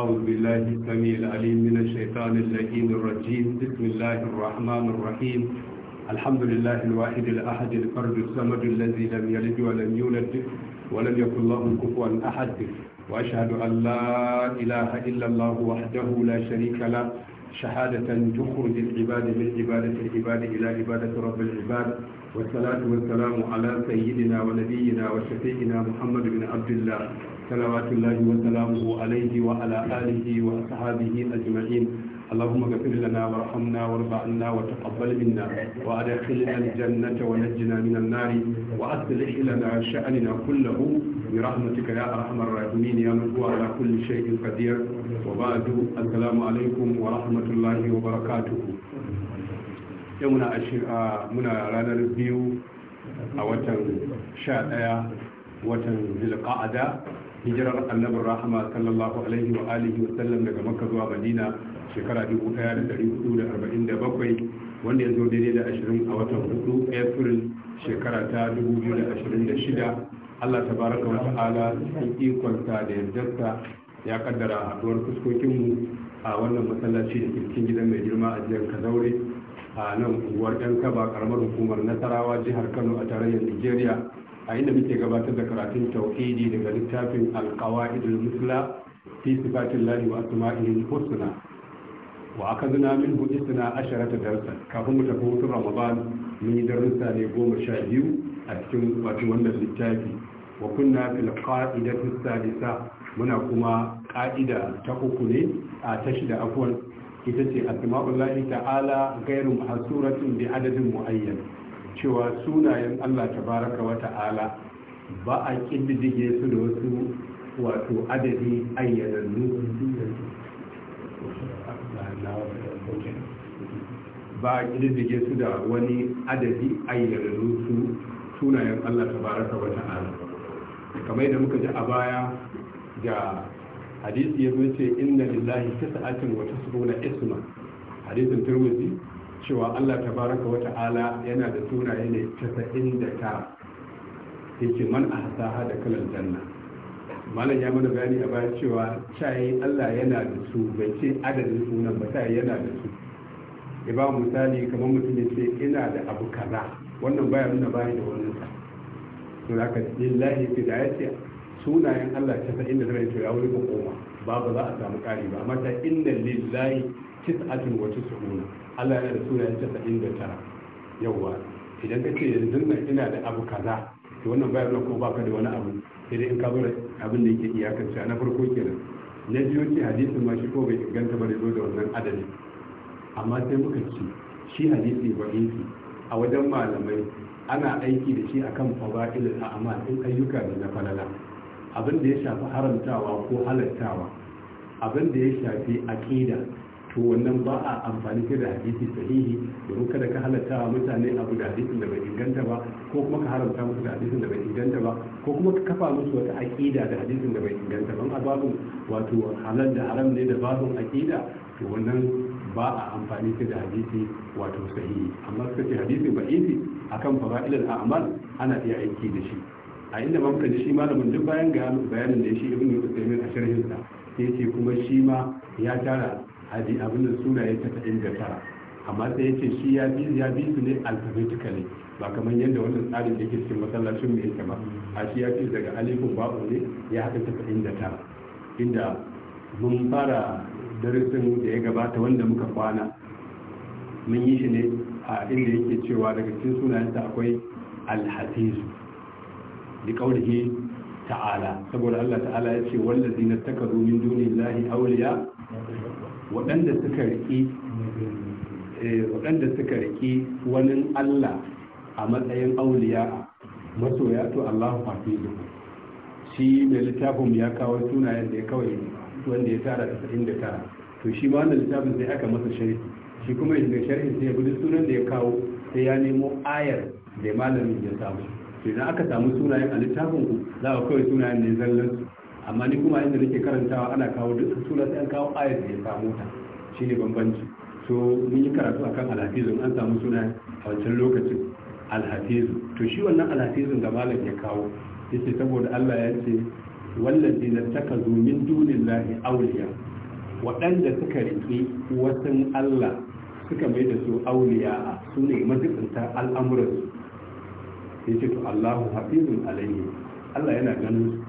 أعوذ بالله السميع العليم من الشيطان اللئيم الرجيم بسم الله الرحمن الرحيم الحمد لله الواحد الأحد الفرد الصمد الذي لم يلد ولم يولد ولم يكن له كفوا أحد وأشهد أن لا إله إلا الله وحده لا شريك له شهادة تخرج العباد من عبادة العباد إلى عبادة رب العباد والصلاة والسلام على سيدنا ونبينا وشفيعنا محمد بن عبد الله صلوات الله وسلامه عليه وعلى آله وأصحابه أجمعين اللهم اغفر لنا وارحمنا وارض عنا وتقبل منا وادخلنا الجنة ونجنا من النار وأصلح لنا شأننا كله برحمتك يا أرحم الراحمين يا من هو على كل شيء قدير وبعد السلام عليكم ورحمة الله وبركاته yau muna ranar biyu a watan 11 watan zilqa'ada hijirar annabin rahama sallallahu alaihi wa alihi wa sallam daga makka zuwa madina shekara 1447 wanda ya zo daidai da 20 a watan 4 april shekara ta 2026 allah ta baraka wa ta'ala cikin ikonsa da yardarsa ya kaddara haduwar fuskokinmu a wannan masallaci da cikin gidan mai girma a jihar kazaure a nan uwar yan kaba karamar hukumar nasarawa jihar kano a tarayyar nigeria a inda muke gabatar da karatun tauhidi daga littafin alqawaid al-musla fi sifatillahi wa asma'ihi husna wa akadna suna isna asharata darsa kafin mu tafi hutun ramadan mun yi darussa ne goma sha biyu a cikin wato wannan littafi wa kunna fil qa'idatu salisa muna kuma ka'ida ta uku ne a ta shida afwan ita ce asma'ullahi ta'ala ghairu mahsuratin bi adadin muayyan cewa sunayen Allah tabaraka wa ta'ala ba a ƙididdige su da wasu wato adadi ayyanannu ba a ƙididdige su da wani adadi ayyanannu su sunayen Allah tabaraka wa ta'ala kamar yadda muka ji a baya da hadisi ya zo ce inna lillahi tas'atin wa tasbuna isma hadisin turmizi cewa Allah ta baraka wa ta'ala yana da sunaye ne ta yake man hasaha da kalan janna malam ya mana bayani a baya cewa shayi Allah yana da su bai ce adadin sunan ba sai yana da su ya ba misali kamar mutum ya ce ina da abu kaza wannan baya nuna bayan da wani sa to haka lillahi ce sunayen Allah 99 to ya wuri ko koma ba ba za a samu kari ba amma ta inna lillahi tis'atun wa tis'un Allah yana da sunayen casa'in da tara yawwa idan ka ce yanzu nan ina da abu kaza to wannan bayan na ko baka da wani abu sai dai in ka bar abin da yake iyakance na farko kenan na biyu ce hadisin ma shi ko bai inganta ba da zo da wannan adadi amma sai muka ce shi hadisi ba a wajen malamai ana aiki da shi akan a amma in ayyuka ne na falala abin da ya shafi haramtawa ko halartawa. abin da ya shafi aqida to wannan ba a amfani ke da hadisi sahihi domin kada ka halatta wa mutane abu da hadisin da bai inganta ba ko kuma ka haramta musu da hadisin da bai inganta ba ko kuma ka kafa musu wata aqida da hadisin da bai inganta ba a babu wato halal da haram ne da babun aqida to wannan ba a amfani ke da hadisi wato sahihi amma ka ce hadisi ba isi akan fara'ilal a'mal ana iya aiki da shi a inda ba muka shi malamin duk bayan ga bayanin da shi ibn Uthaymeen a sharhinsa sai ce kuma shi ma ya tara hadi abin da sunaye tasa'in da tara amma sai yace shi ya bi ya bi su ne alphabetically ba kamar yadda wannan tsarin da ke cikin masallacin mu yake ba a shi ya fi daga alifin ba'u ne ya haɗa tasa'in da tara inda mun fara darasin da ya gabata wanda muka kwana mun yi shi ne a inda yake cewa daga cikin sunayensa akwai alhafizu da kaulihi ta'ala saboda Allah ta'ala ya ce wallazi na takaru min dunillahi awliya waɗanda suka riƙi eh, waɗanda suka riƙi wani Allah a matsayin auliya masoya to Allahu hafizu shi mai littafin ya kawo sunayen da ya kawai wanda ya tara da tara to shi ma wannan littafin sai aka masa sharhi shi kuma inda sharhi sai ya gudu sunan da ya kawo sai ya nemo ayar da malamin ya samu to idan aka samu sunayen a littafin ku za a kawai sunayen ne zallan amma ni kuma inda nake karantawa ana kawo duk sura sai an kawo ayat da ya samu ta shine bambanci so mun yi karatu akan alhafizu an samu suna a wancan lokacin alhafizu to shi wannan alhafizun da malam ya kawo yace saboda Allah ya ce wallazi na takazu min dunillahi awliya waɗanda suka riƙi wasan Allah suka mai da su auliya su ne mazikinta al'amuransu ya ce to Allahu hafizun alaihi Allah yana ganin su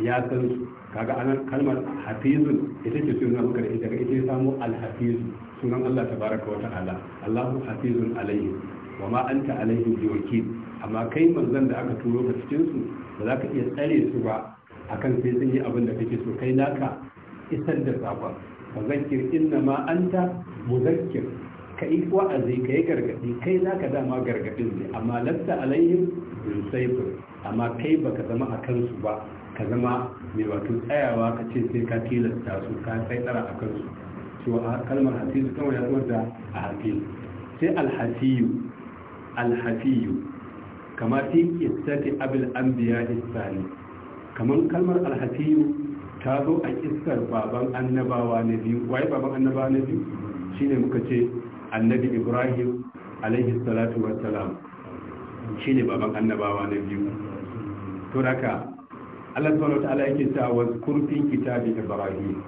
ya san su kaga anan kalmar hafizun ita ce sunan muka da ita ga ita samu alhafiz sunan Allah tabaraka wa ta'ala Allahu hafizun alayhi wa ma anta alayhi biwakil amma kai manzon da aka turo ka cikin su ba za ka iya tsare su ba akan sai sun yi abin da kake so kai naka isar da sakon fa inna ma anta muzakkir ka yi wa'azi ka yi gargaɗi kai za ka dama gargaɗin ne amma lasta alayhim bin saifin amma kai baka zama a kansu ba ka zama mai wato tsayawa ka ce sai ka tilasta su ka sai tsara a kansu to kalmar hasiyu kama ya zama da a harfi sai alhasiyu alhasiyu kama fi kissati abil biya isani kamar kalmar alhafiyu ta zo a kissar baban annabawa na biyu waye baban annabawa na biyu shine muka ce annabi ibrahim alaihi salatu wassalam shine baban annabawa na biyu to haka Allah subhanahu wataala yake cewa wazkur kurfin kitabi Ibrahim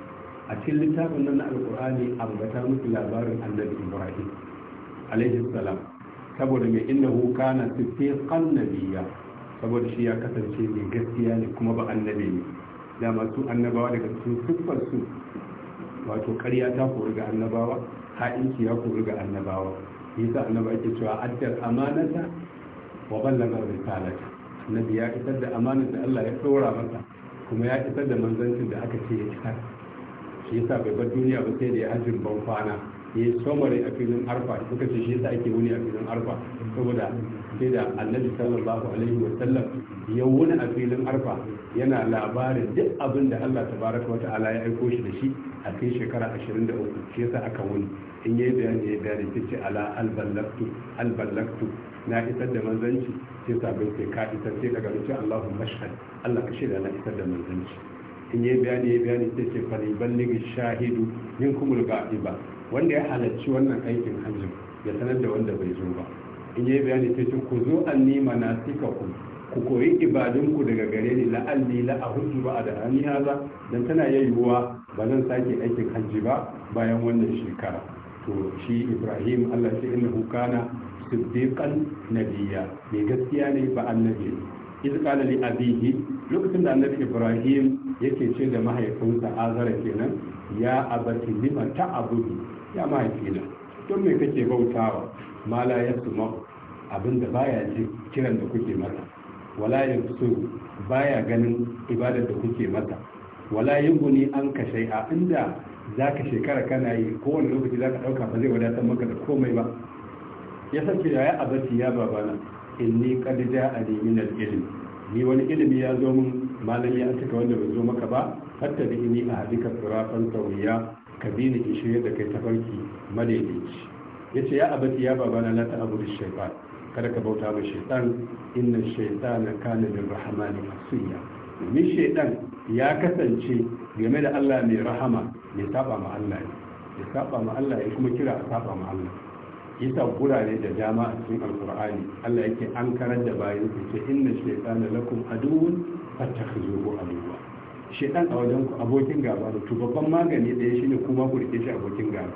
a cikin littafin nan na Alqur'ani ambata musu labarin Annabi Ibrahim alaihi salam saboda mai innahu kana siddiqan nabiyya saboda shi ya kasance mai gaskiya ne kuma ba annabi ne da masu annabawa daga cikin siffar su wato ƙarya ta kori ga annabawa ha'inci ya kori ga annabawa yasa annaba ake cewa addar amanata wa ballama risalata annabi ya isar da da Allah ya tsora masa kuma ya isar da manzancin da aka ce ya isar shi yasa bai bar duniya ba sai da ya hajjin ban kwana ya yi somare a filin arfa suka ce shi yasa ake wuni a filin arfa saboda sai da annabi sallallahu alaihi wa sallam ya wuni a filin arfa yana labarin duk abin da Allah tabaraka wa ta'ala ya aiko shi da shi a kai shekara 23 shi yasa aka wuni in yayi bayani ya bayani ce ala alballaktu na isar da manzanci sai sabai sai ka isar sai daga rufe Allahu mashhad Allah ka shirya na isar da manzanci in yi bayani ya bayani sai ce fari liballighi shahidu min kumul ba wanda ya halarci wannan aikin hajji ya sanar da wanda bai zo ba in yi bayani sai ce ku zo na sika ku ku koyi ibadunku daga gare ni la'alli la'ahujju ba da hani haza dan tana yayyuwa ba zan sake aikin hajji ba bayan wannan shekara to shi Ibrahim Allah ya ce hukana siddiqan nabiyya mai gaskiya ne ba annabi iz qala li abihi lokacin da annabi ibrahim yake ce da mahaifinsa azara kenan ya abati lima ta'budu ya mahaifina don me kake bautawa mala yasma abinda baya ji kiran da kuke mata wala yansu baya ganin ibadar da kuke mata wala yughni an ka shay'a inda zaka shekara kana yi kowane lokaci zaka dauka ba zai wadatar maka da komai ba ya sake da ya abati ya babana inni qad ja'ani a al ilimi. ni wani ilimi ya zo min malam ya cika wanda bai zo maka ba hatta bi inni ahdika siratan sawiya ka bi ni shirye da kai tafarki madaidaici yace ya abati ya babana la ta'budu shaifar. kada ka bauta ma shaytan inna shaytana kana lirrahmani asiya domin shaytan ya kasance game da Allah mai rahama mai saba ma Allah ya saba ma Allah ya kuma kira a saba ma Allah yasa gurare da dama a cikin alkur'ani Allah yake an karar da bayan su ce inna shaytana lakum aduwwun fattakhuzuhu aduwwa shaytan a wajen ku abokin gaba to babban magani ɗaya shine kuma ku rike shi abokin gaba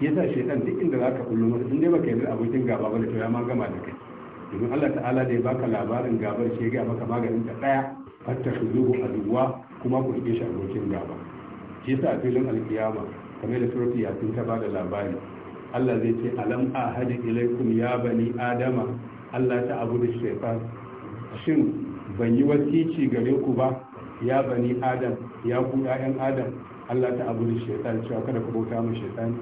yasa shaytan duk inda zaka kullu masa inda baka yi abokin gaba ba to ya ma gama da kai domin Allah ta'ala da ya baka labarin gabar shi ya maka maganin ta daya fattakhuzuhu aduwwa kuma ku rike shi abokin gaba yasa a filin alkiyama kamar da surati ya tun ta bada labari Allah zai ce alam ahadi ilaikum ya bani adama Allah ta abu da shaitan shin ban yi wasici gare ku ba ya bani adam ya ku ƴaƴan adam Allah ta abu da shaitan cewa kada ku bauta mu shaitan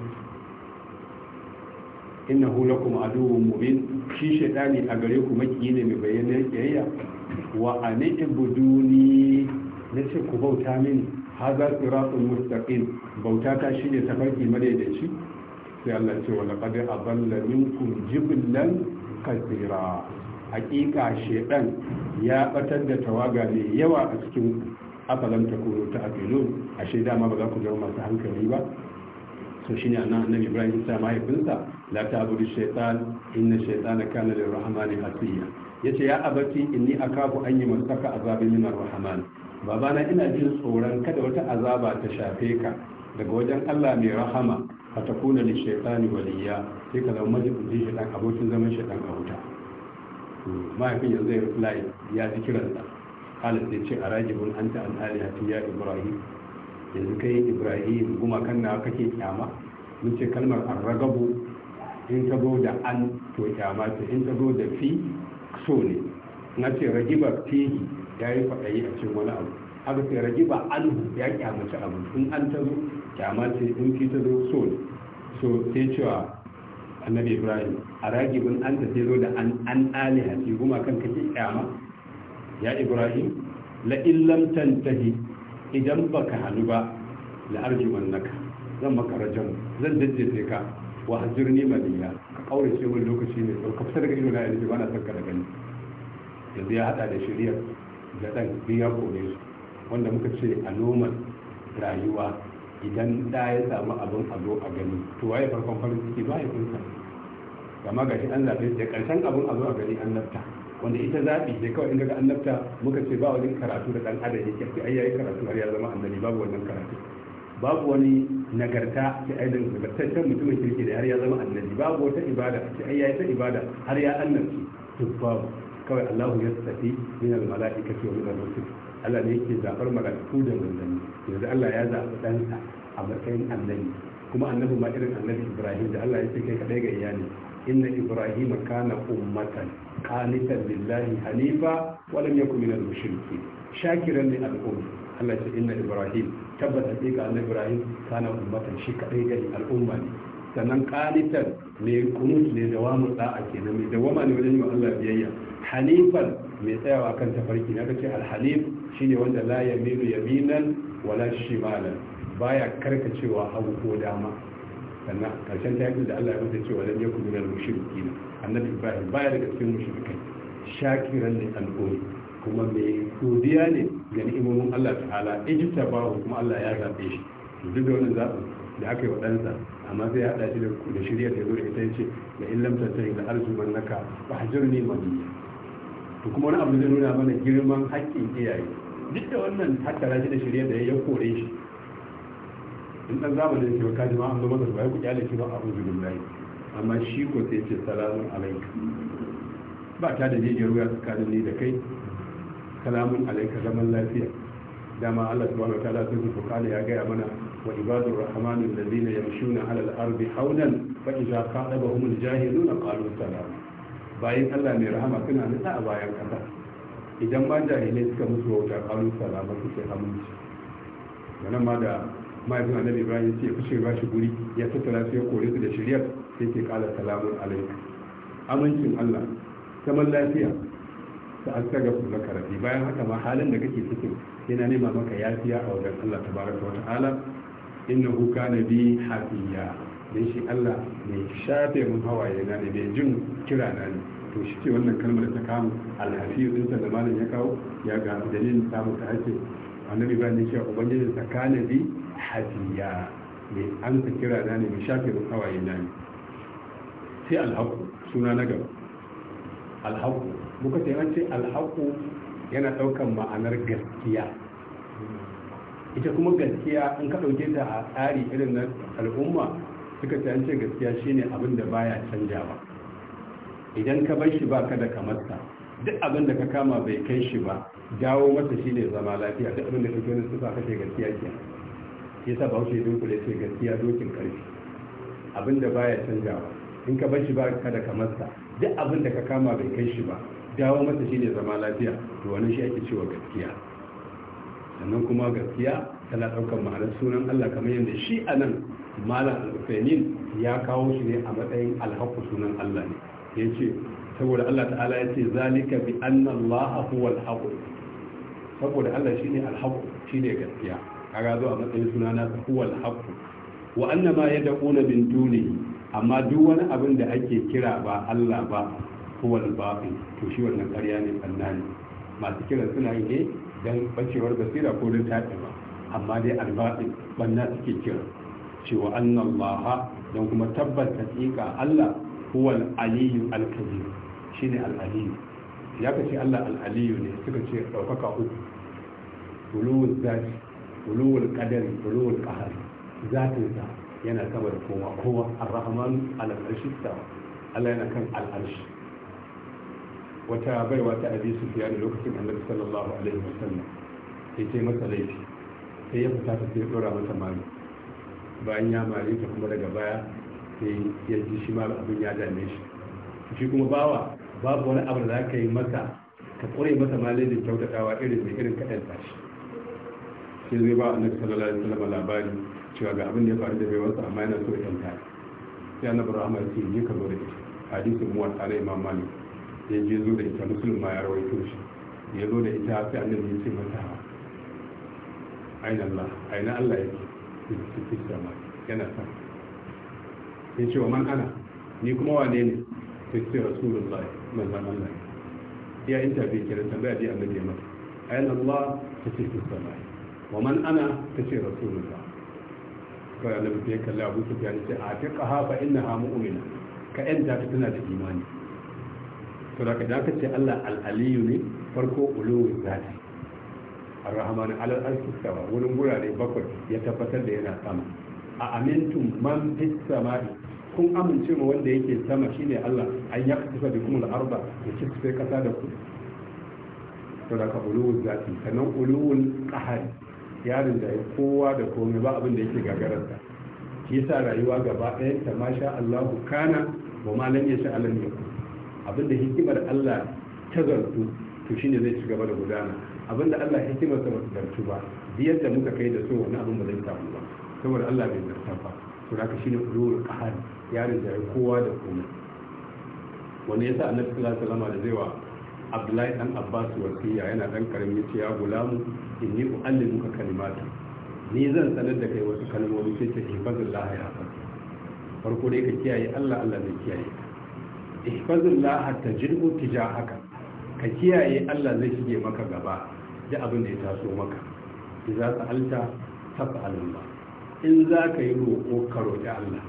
hula kuma aduwwun mubin shi shaitani a gare ku maki ne mai bayyana kiyayya wa ani ibuduni nace ku bauta mini hadha siratun mustaqim bauta ta shine tafarki madaidaici sai Allah ce wa laqad adalla minkum jiblan kathira hakika shedan ya batar da tawaga mai yawa a cikin kuro ta takunu a ashe dama ba za ku zama masu hankali ba so shine anan annabi Ibrahim ta mahaifinsa la ta'budu shaytan inna shaytana kana lirrahmani hasiya yace ya abati inni akafu an yi masaka azabin min rahman. babana ina jin tsoron kada wata azaba ta shafe ka daga wajen Allah mai rahama a takuna da shaitani waliya sai ka zama majibin shaitan abokin zaman shaitan a wuta mahaifin yanzu ya layi ya ji kiran da halin sai ce a rajibin an ta an alihati ya ibrahim yanzu kai ibrahim kuma kan na kake kyama mun ce kalmar an ragabu in ta zo da an to kyama ta in ta zo da fi so ne na ce ragiba fihi ya yi faɗayi a cikin wani abu haka sai ragiba an ya kyamaci abu in an ta zo kyama ce in fi ta zo so so sai cewa annabi ibrahim a ragi ragibin an ta sai zo da an an aliha ce goma kan kake kyama ya ibrahim la illam tantahi idan baka hannu ba la arjuman naka zan maka rajam zan jajjefe ka wa hajirni maliya ka kaure ce wani lokaci ne ka fita daga idona yanzu ba na son ka da gani yanzu ya hada da shirya da dan biya kore su wanda muka ce a noman rayuwa idan da ya samu abin a zo a gani to waye farkon farin ciki ba ya kunsa kama ga shi an zaɓe da ƙarshen abin a zo a gani an lafta wanda ita zaɓi ne kawai in ga an lafta muka ce ba wani karatu da ɗan adam yake ce ai yayi karatu har ya zama annabi babu wannan karatu babu wani nagarta ce ai dan nagartaccen mutumin kirki da har ya zama annabi babu wata ibada ce ai yayi ta ibada har ya annabci duk babu kawai Allahu ya tafi min al-mala'ikati wa min ar-rusul Allah ne yake zaɓar mala'iku da manzanni yanzu Allah ya zaɓi ɗansa a matsayin annabi kuma annabi ma irin annabi Ibrahim da Allah ya ce kai kaɗai ga iyali inna Ibrahim kana ummatan qanitan lillahi hanifa wa lam yakun minal mushrikeen shakiran li al-umm Allah ce inna Ibrahim tabbata sai ga annabi Ibrahim kana ummatan shi kaɗai ga al'umma ne sannan qanitan ne kunut ne dawamu da'a kenan mai dawama ne wajen yi wa Allah biyayya hanifan mai tsayawa kan tafarki na kace al-hanif shine wanda la yamilu yaminan wala shimalan baya karkacewa hagu ko dama sannan karshen ta da Allah ya mutu cewa lam yakun minal mushrikin annabi ibrahim baya daga cikin mushrikai shakiran ne al'ummi kuma mai godiya ne ga ni'imomin Allah ta'ala ijibta bawo kuma Allah ya zabe shi duk da wannan zaɓin da aka yi wa ɗansa amma sai ya haɗa shi da shirya ta zo da ita yace da ta tattari da arzuman naka ba hajjar ne maliya to kuma wani abu zai nuna mana girman haƙƙin iyaye duk da wannan tattara shi da shirya da ya kore shi in ɗan zamanin shi ka jima an zama da bai ku kyale shi ba a uzulun layi amma shi ko sai ce salamun alaika ba ta da jijiyar wuya tsakanin ni da kai salamun alaika zaman lafiya dama Allah subhanahu ta sun su kana ya gaya mana wa ibadur rahmanin ladina yamshuna ala al-ardi hawlan ka ɗaba qadabahum jahilu na qalu salam bayan Allah mai rahama suna nisa a bayan kasa idan ma jahilai suka musu wauta kalu salama suke aminci wannan ma da mahaifin annabi ibrahim ce kushe ba shi guri ya tattara su ya kore su da shiryar sai ke kala salamun alaikum amincin allah saman lafiya ta saga ku na karafi bayan haka ma halin da kake cikin yana nema maka yafiya a wajen allah ta wata ala ta'ala huka na bi hafiya dan shi allah mai shafe mun hawaye na ne mai jin kira na ne to shi ce wannan kalmar ta kamu alhafiyu din da malam ya kawo ya ga dalilin samu ta hace annabi ba ne cewa ubangiji kana bi hafiya an ta kira na ne mai shafe mu kawaye na ne sai alhaku suna na gaba alhaku muka ce an ce alhaku yana daukan ma'anar gaskiya ita kuma gaskiya an ka dauke ta a tsari irin na al'umma suka ce an ce gaskiya shine abin da baya canjawa idan ka bar shi baka da kamarsa duk abin da ka kama bai kai shi ba dawo masa shi ne zama lafiya duk abin da ka kyoni su ka ce gaskiya ke ya sa bahaushe don kula ce gaskiya dokin karfi abin da baya canjawa in ka bar shi ba ka da kamarsa duk abin da ka kama bai kai shi ba dawo masa shi ne zama lafiya to wani shi ake cewa gaskiya sannan kuma gaskiya tana ɗaukar ma'anar sunan Allah kamar yadda shi a nan malam al ya kawo shi ne a matsayin alhaku sunan Allah ne ya ce saboda Allah ta'ala ya ce zalika bi anna Allah huwa al-haqq saboda Allah shine al-haqq shine gaskiya kaga zo a matsayin suna na huwa al-haqq wa anna ma yad'una bin duni amma duk wani abin da ake kira ba Allah ba huwa al-batil to shi wannan ƙarya ne banna ne masu kiran suna yi ne dan bacewar basira ko don tafi ba amma dai al-batil banna suke kira cewa anna Allah dan kuma tabbata hakika Allah huwa al-aliyu al-kabir shine al-aliyu ya kace Allah Al'aliyu ne suka ce ɗaukaka uku ulul zafi, ulul qadari ulul qahr zafinsa yana sama da kowa kowa ar-rahman ta arshi Allah yana kan al'arshi. wata baiwa ta abi sufyan lokacin annabi sallallahu alaihi wa sallam sai ce masa laifi sai ya fita ta sai dora masa mali bayan ya mare ta kuma daga baya sai ya ji shi ma abin ya dame shi shi kuma bawa babu wani abu da za ka yi masa ka ƙure masa malin kyautatawa irin mai irin kaɗan tashi sai zai ba annabi sallallahu alaihi wasallam labari cewa ga abin da ya faru da bai wasu amma yana so ya tanta sai annabi rahama ya ce ni ka zo da ita hadisin muwatta na imam malik ya je zo da ita musulun ma ya rawaito shi ya zo da ita sai annabi ya ce mata aina allah aina allah yake yana sama ya ce wa man ana ni kuma wane ne ta ce rasulullahi manzan Allah ya yi. intabi kenan tambaya dai annabi ya mata ayan Allah ta ce fi sallah wa man ana ta ce rasulullah kawai annabi sai kalla Abu Sufyan ce a ta qaha fa innaha mu'mina ka yanta ta tana da imani to da ka ce Allah Al'aliyu ne farko ulul zati ar-rahman ala al-arshi wurin gurare bakwai ya tabbatar da yana sama a amintum man fit sama'i kun amince ma wanda yake sama shine Allah an ya kusa da kuma al'arba da sai kasa da ku to da kabulul zati sannan ulul qahari yarin da kowa da komai ba abin da yake gagararsa shi yasa rayuwa gaba ɗayan ta masha Allah kana wa ma lam yasha Allah abin da hikimar Allah ta zartu to shine zai ci gaba da gudana abin da Allah hikimar sa ba ta zartu ba biyar da muka kai da so wani abin ba zai samu ba saboda Allah bai zartar ba to da shine ulul qahar ya yi kowa da komai wanda yasa annabi sallallahu alaihi wasallam da zai wa Abdullahi dan Abbas wasiya yana dan karami yace ya gulamu inni uallimuka kalimatu ni zan sanar da kai wasu kalmomi sai ta hifazillah ya farko dai ka kiyaye Allah Allah zai kiyaye ka ihfazillah tajidhu tijahaka ka kiyaye Allah zai shige maka gaba da abin da ya taso maka idza sa'alta fas'alillah in za ka yi roƙo ka roƙi Allah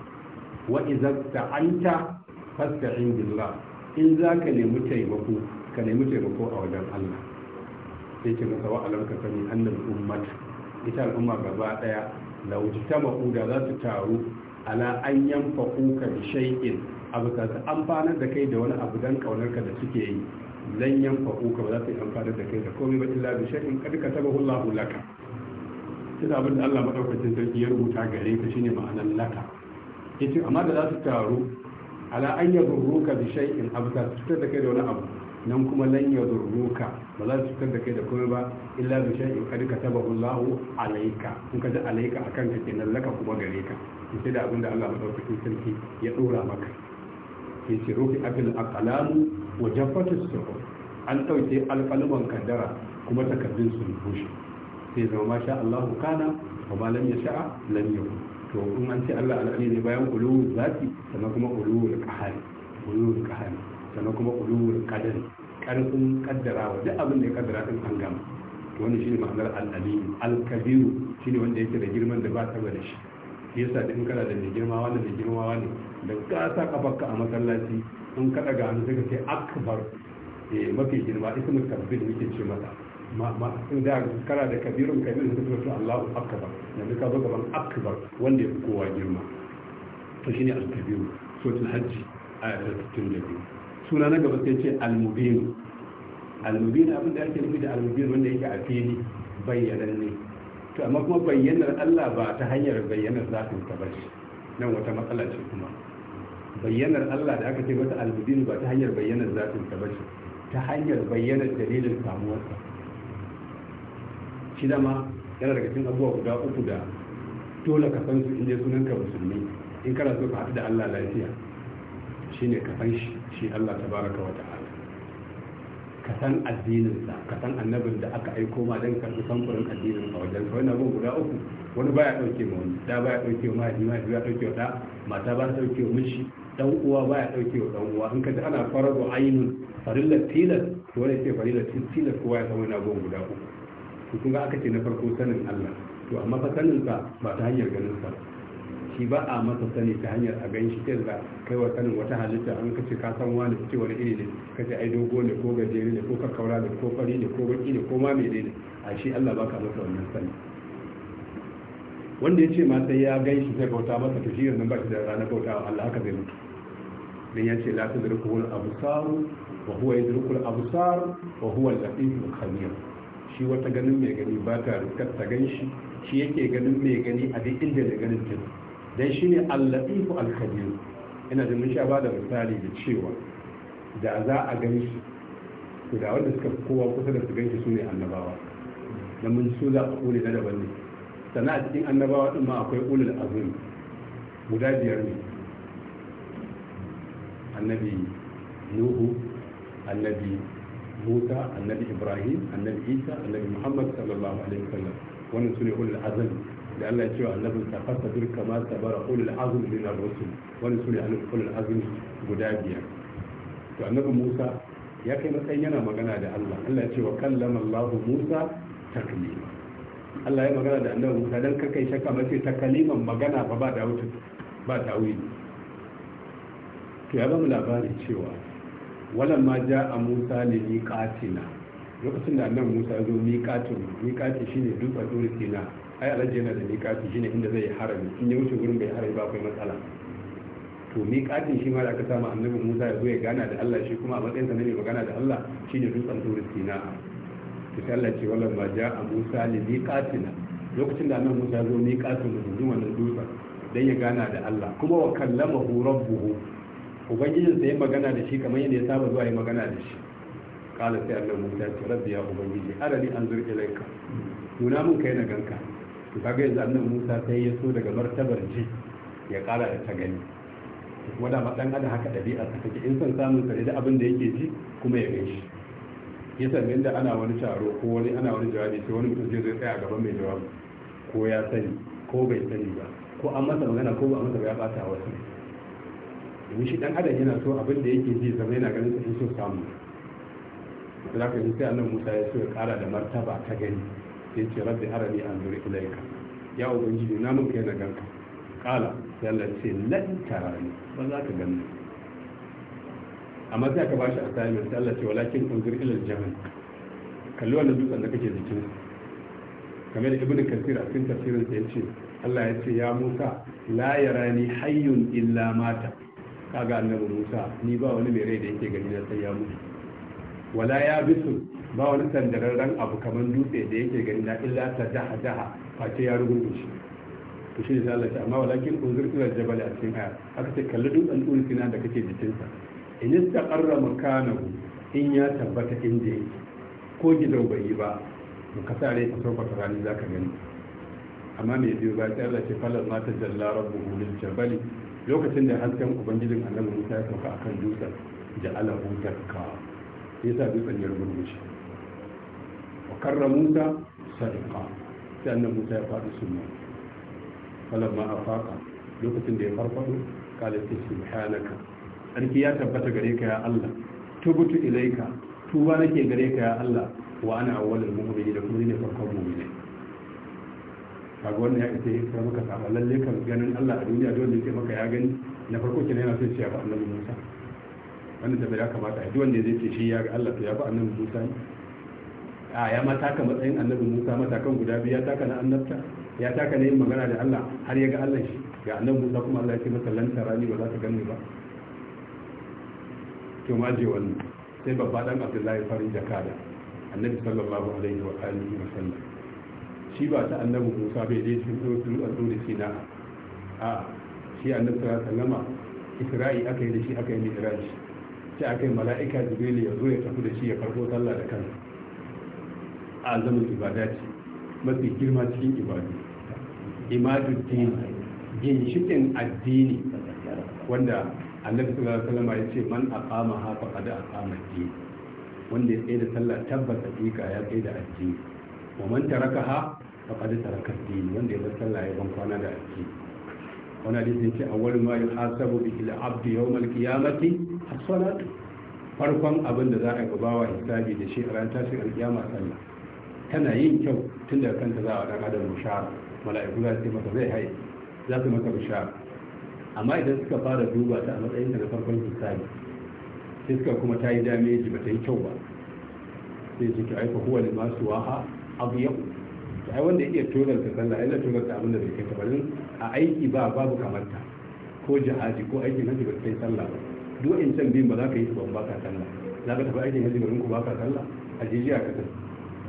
wa iza ta'anta fasta'in billah in za ka nemi taimako ka nemi taimako a wajen Allah sai ce masa wa sani annal ummat ita al'umma gaba daya la ta maƙuda, za su taru ala an yanfa kuka bi shay'in abu ka amfanar da kai da wani abu dan kaunar ka da suke yi lan yanfa kuka. ba za su amfanar da kai da komai ba illa bi shay'in kad taba Allahu laka tun abin da Allah maɗaukacin sarki ya rubuta gare ka shine ma'anar laka yace amma da za su taru ala an zurruka bi shay'in abza su fitar da kai da wani abu nan kuma lan zurruka ba za su fitar da kai da komai ba illa bi shay'in kad katabahu Allahu alayka in ka ji alayka akan ka kenan laka kuma gare ka yace da abin da Allah maɗaukacin sarki ya dora maka yace rufi akil aqlamu wa jaffatu suhuf an ɗauke alqalman kaddara kuma takardun sun bushe sai zama ma sha Allahu kana wa ma lam yasha lam yakun to in an ce Allah al'ali ne bayan uluwul zati sannan kuma uluwul qahari uluwul qahari sannan kuma uluwul kadari karfin kaddarawa duk abin da ya kaddara din an gama wannan shine ma'anar al-alim al-kabiru shine wanda yake da girman da ba saba da shi yasa din kana da mai girma wanda mai girma wani da ka sa kafarka a masallaci in ka daga hannu sai ka ce akbar eh, mafi girma ismul kabbir muke ce masa in da kara da kabirun kabirun su zuwa Allahu akbar yanzu ka zo gaban akbar wanda ya fi kowa girma to shine al-kabiru hajji, hajj aya ta biyu suna na gaba sai ce al-mubin al-mubin abin da ake nufi da al-mubin wanda yake a fili bayyananne to amma kuma bayyanar Allah ba ta hanyar bayyanar zafin ta ba nan wata matsala ce kuma bayyanar Allah da aka ce mata al-mubin ba ta hanyar bayyanar zafin ta ba ta hanyar bayyanar dalilin samuwarsa shi dama yana daga cikin abubuwa guda uku da dole ka san su in je sunan ka musulmi in kana so ka haɗu da Allah lafiya shine ka san shi shi Allah tabaraka wa ta'ala ka san addinin sa ka san annabin da aka aiko ma dan karbi samfurin addinin sa wajen sa wannan guda uku wani baya dauke ma wani da baya dauke ma mahaifi ma ya dauke da mata ba ta dauke shi dan uwa baya dauke wa dan uwa in ka ji ana farago ainun farilla tilal to wani ce farilla tilal kowa ya san wani abubuwan guda uku to kun ga aka ce na farko sanin Allah to amma fa sanin sa ba ta hanyar ganin sa shi ba a masa sani ta hanyar a ganin shi ta da kai wa sanin wata halitta an kace ka san wani ce wani iri ne kace ai dogo ne ko gajere ne ko kakkaura ne ko fari ne ko baki ne ko ma ne a shi Allah baka masa wannan sani wanda ya ce ma sai ya gan shi sai bauta masa to nan yanzu ba shi da ranar bauta wa Allah haka zai mutu dan ya ce la tudrikuhu al-absar wa huwa yudrikul absar wa huwa al al khabir shi wata ganin mai gani ba ta rikar ta gan shi shi yake ganin mai gani a duk inda da ganin ta dan shi ne allatifu alkhabir ina da mun ba da misali da cewa da za a gan shi to da wanda suka kowa kusa da su gan shi sune annabawa dan mun su za a kule na daban ne sannan a cikin annabawa din ma akwai ulul azmi guda biyar ne annabi nuhu annabi musa annabi ibrahim annabi isa annabi muhammad sallallahu alaihi wasallam wannan sune ulul azm da Allah ya ce annabi ta fasa bir kama sabara ulul azm min ar-rusul wannan sune ulul azm guda biyar to annabi musa ya kai matsayin yana magana da Allah Allah ya ce wa kallama Allah musa taklima Allah ya magana da annabi musa dan kakai shakka mace takaliman magana ba ba da wuce ba ta tawili to ya ba mu labari cewa walan ma ja a musa ne miƙatina lokacin da annan musa zo miƙatin miƙati shine dutsen duri sina ai alhaji yana da shi shine inda zai harami in ya wuce gurin bai harami ba akwai matsala to miƙatin shi ma da aka samu annabi musa ya zo ya gana da allah shi kuma a matsayin sa ne magana da allah shine dutsen duri sina to sai allah ce walan ma ja a musa ne miƙatina lokacin da nan musa zo miƙatin da wannan dutsen dan ya gana da allah kuma wa kallamahu rabbuhu ubangijinsa ya magana da shi kamar yadda ya saba zuwa ya magana da shi kala sai Allah Musa ce rabbi ya ubangiji an anzur laika nuna mun kai na ganka to kaga yanzu annabi Musa sai ya so daga martabar ji ya kara da ta gani kuma da madan ada haka dabi'a ta take in son samun sa da abin da yake ji kuma ya gani Ya san inda ana wani taro ko wani ana wani jawabi sai wani mutum zai tsaya a gaban mai jawabi ko ya sani ko bai sani ba ko an masa magana ko ba a masa ba ya bata wasu domin shi dan adam yana so abin da yake ji zama yana ganin sai so samu za ka yi sai annan Musa ya so ya kara da martaba ta gani sai ce rabbi arani zuri ilaika ya ubangiji na mun kai na ganka kala sai Allah ce lan tarani ba za ka gani amma sai aka shi assignment sai Allah ce walakin zuri ilal jamal kalli wannan dutsen da kake jikin kamar da ibnu kasir a cikin tafsirin sa ce Allah ya ce ya Musa la yarani hayyun illa mata kaga annabi Musa ni ba wani mai rai da yake gani na sai ya mutu wala ya bisu ba wani sandararren abu kamar dutse da yake gani na illa ta daha daha face ya rubuce to shi da Allah amma walakin unzur ila jabal a cikin aya aka ce kalli dutsen dutsen da kake sa. in istaqarra makanahu in ya tabbata inda yake ko gidan bai yi ba ka sa rai ka sauka rani zaka gani amma mai biyu ba sai Allah ce falal mata jalla rabbuhu lil jabali lokacin da hasken ubangijin annabi musa ya sauka a kan dutsen da ja'ala ya sa dutsen ya rubuce wa karra musa sadaqa sai annabi musa ya faɗi sunna falamma afaqa lokacin da ya farfado kala ta subhanaka sarki ya tabbata gare ka ya Allah tubutu ilaika tuba nake gare ka ya Allah wa ana awwalul mu'minin da kuma ne farkon mu'mini kaga wannan ya ita ya maka saba lalle kan ganin Allah a duniya dole yake maka ya gani na farko kina yana son ya ba annabi Musa wannan da ya kamata a duwan ne zai ce shi ya ga Allah to ya ba annabi Musa ne a ya ma taka matsayin annabi Musa matakan guda biyu ya taka na annabta ya taka na yin magana da Allah har ya ga Allah shi ga annabi Musa kuma Allah ya ce masa lan tarani ba za ka gani ba to ma je wannan sai babba dan Abdullahi farin jakada annabi sallallahu alaihi wa alihi wa sallam shi ba ta annabi musa bai je cikin tsohon al'adu da sina a shi annabi sallallahu sallama. wasallam isra'i aka yi da shi aka yi mi'raj sai aka yi mala'ika jibril ya zo ya tafi da shi ya farko sallah da kansa a zaman ibada ce mafi girma cikin ibadu imaduddin ginshikin addini wanda annabi sallallahu alaihi wasallam ya ce man aqama ha faqad aqama ad-din wanda ya tsaye da sallah tabbata hakika ya tsaye da addini wa man tarakaha faqad taraka ad-din wanda ya bar sallah ya ban kwana da addini wannan hadisin ce awwalu ma yuhasabu bihi al-abdu yawm al-qiyamati as-salatu farkon abin da za a ga bawa hisabi da shi a ran tashin alkiyama sallah tana yin kyau tun da kanta za a dan adam bushara mala'iku za su masa zai haye za su masa bushara amma idan suka fara duba ta a matsayin da na farkon hisabi sai suka kuma ta yi dameji ba ta yi kyau ba sai su ki aika huwa limasu waha abu yau ai wanda iya tonar ta sallah ai tonar ta abinda bai kai ta a aiki ba babu kamarta ko jihadi ko aiki na jibar kai sallah ba duk in can biyun ba za ka yi ba ba ka sallah za ka tafi aikin haji barin ku ba ka sallah a jijiya ka tafi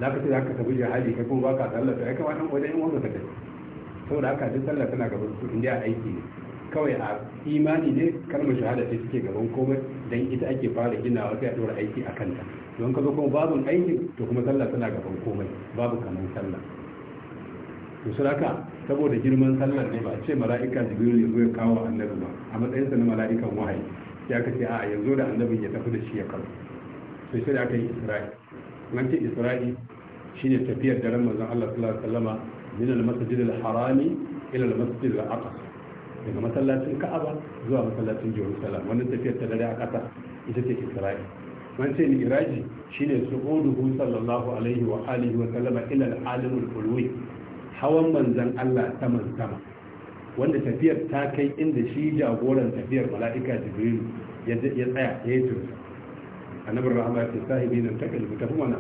za ka ce za ka tafi jihadi kai kuma ba ka sallah to ai kawai wajen yin wanda ka tafi saboda haka duk sallah tana gaba su inda aiki ne kawai a imani ne kalmar shahada ta suke gaban komai don ita ake fara ginawa sai a aiki a kanta don ka zo kuma babu aiki to kuma sallah tana gaban komai babu kaman sallah to suraka saboda girman sallar ne ba a ce mala'ika jibril ya zo ya kawo annabi ba a matsayin sa na mala'ikan wahayi ya aka a yanzu da annabi ya tafi da shi ya kawo sai sai aka yi isra'i an ce isra'i shine tafiyar daren manzon Allah sallallahu alaihi wasallama min al-masjid al-harami ila al-masjid al-aqsa daga masallacin ka'aba zuwa masallacin jerusalem wannan tafiyar ta dare a ƙasa ita ce isra'i man ce ni iraji shine su'uduhu sallallahu alaihi wa alihi wa sallama ila al-alimul ulwi hawan manzan Allah saman sama wanda tafiyar ta kai inda shi jagoran tafiyar mala'ika jibril ya tsaya ya yi tursa annabi rahama ya ce sahibi nan ta kalbi ta kuma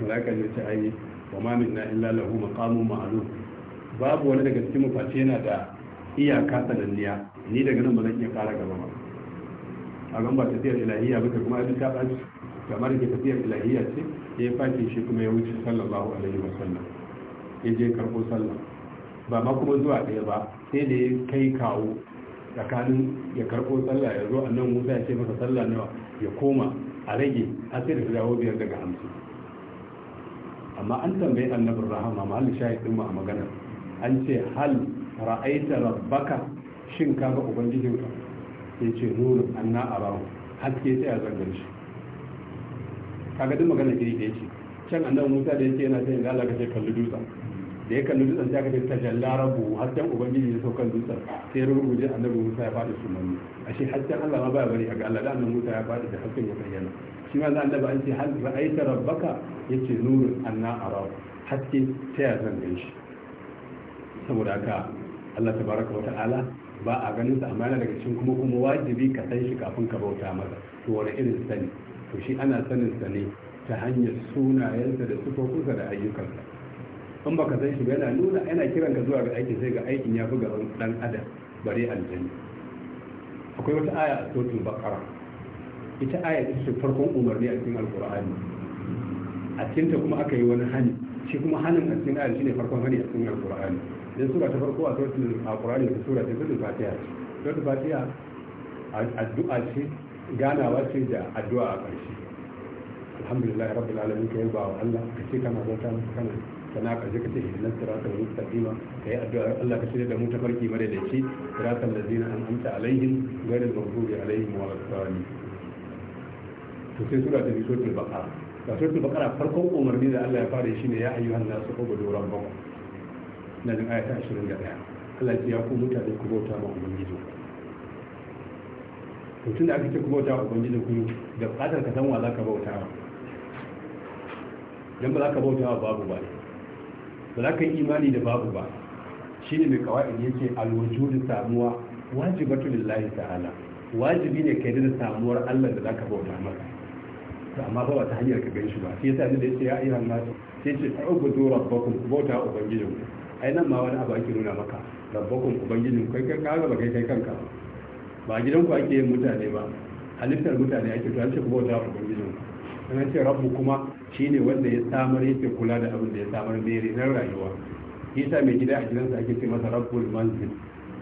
mala'ika ne ta ayi wa ma minna illa lahu maqamun ma'lum babu wani daga cikin mu yana da iyaka sananniya ni daga nan ba zan iya kara gaba ba a gan ba tafiyar ilahiyya ba kuma abin ta ɓaci kamar ke tafiyar ilahiyya ce ya fashe shi kuma ya wuce sallallahu alaihi wa sallam ya je karɓo sallah ba ma kuma zuwa ɗaya ba sai da ya kai kawo tsakanin ya karɓo sallah ya zo a nan musa ya ce masa sallah nawa ya koma a rage a sai da dawo biyar daga hamsin amma an tambayi annabin rahama mahallin shahid ɗin a maganar an ce hal ra'aita rabbaka shin kaga ubangijinka ya ce nuru anna arahu haske sai a zangar shi kaga duk magana iri da yake can annabi Musa da yake yana sai da Allah kace kalli dutsen da ya kalli dutsen sai aka ce tajalla har haddan ubangiji ya saukan dutsen sai ya rubuce annabi Musa ya a shi har haddan Allah ma baya bari ga Allah da annabi Musa ya faɗi da hakkin ya bayyana shi ma annabi an ce har ra'aita rabbaka yace nurun anna arahu haske sai a zangar shi saboda haka Allah tabaraka wa ta'ala ba a ganin sa amma yana daga cikin kuma kuma wajibi ka san shi kafin ka bauta masa to wani irin sani to shi ana sanin sa ne ta hanyar sunayensa da sifofinsa da ayyukansa in baka san shi ba yana nuna yana kiran ka zuwa ga aikin sai ga aikin ya fi gaban dan adam bare aljanna akwai wata aya a suratul bakara ita aya ta ce farkon umarni a cikin alkur'ani a cikin ta kuma aka yi wani hani shi kuma hanin a cikin aya shine farkon hani a cikin alkur'ani dan sura ta farko a suratul alqur'ani ta sura ta suratul fatiha suratul fatiha addu'a ce ganawa ce da addu'a a ƙarshe alhamdulillah rabbil alamin kai ba wa Allah ce kana bauta kana sana ƙarshe kace ihdinas siratal Ka yi addu'a Allah ka shirya da mu tafarki madaidaici siratal ladzina an'amta alaihim ghayril maghdubi alaihim waladdallin to sai sura ta suratul baqara suratul baqara farkon umarni da Allah ya fara shi ne ya ayyuhan nasu ubudu rabbakum na jin ayata 21 Allah ya ku mutane ku bauta ma ubangiji to tun da aka ce ku bauta ma ubangiji ku da fatar ka san wa zaka bauta wa dan ba zaka bauta wa babu ba ba za ka yi imani da babu ba shi ne mai kawai yake da samuwa wajibatu lillahi ta'ala wajibi ne ka da samuwar Allah da zaka bauta masa to amma ba ta hanyar ka gan shi ba sai yasa da yake ya ayyuhan nasu sai ce ta'budu rabbakum bauta ubangijinku ai nan ma wani abu ake nuna maka rabbakun ubangijin kai kai kaga ba kai kai kanka ba gidanku ake yin mutane ba halittar mutane ake to an ce ku bauta ubangijin ku an ce rabbu kuma shine wanda ya samar yake kula da abin da ya samar mai renar rayuwa isa mai gida a gidansa ake ce masa rabbul manzil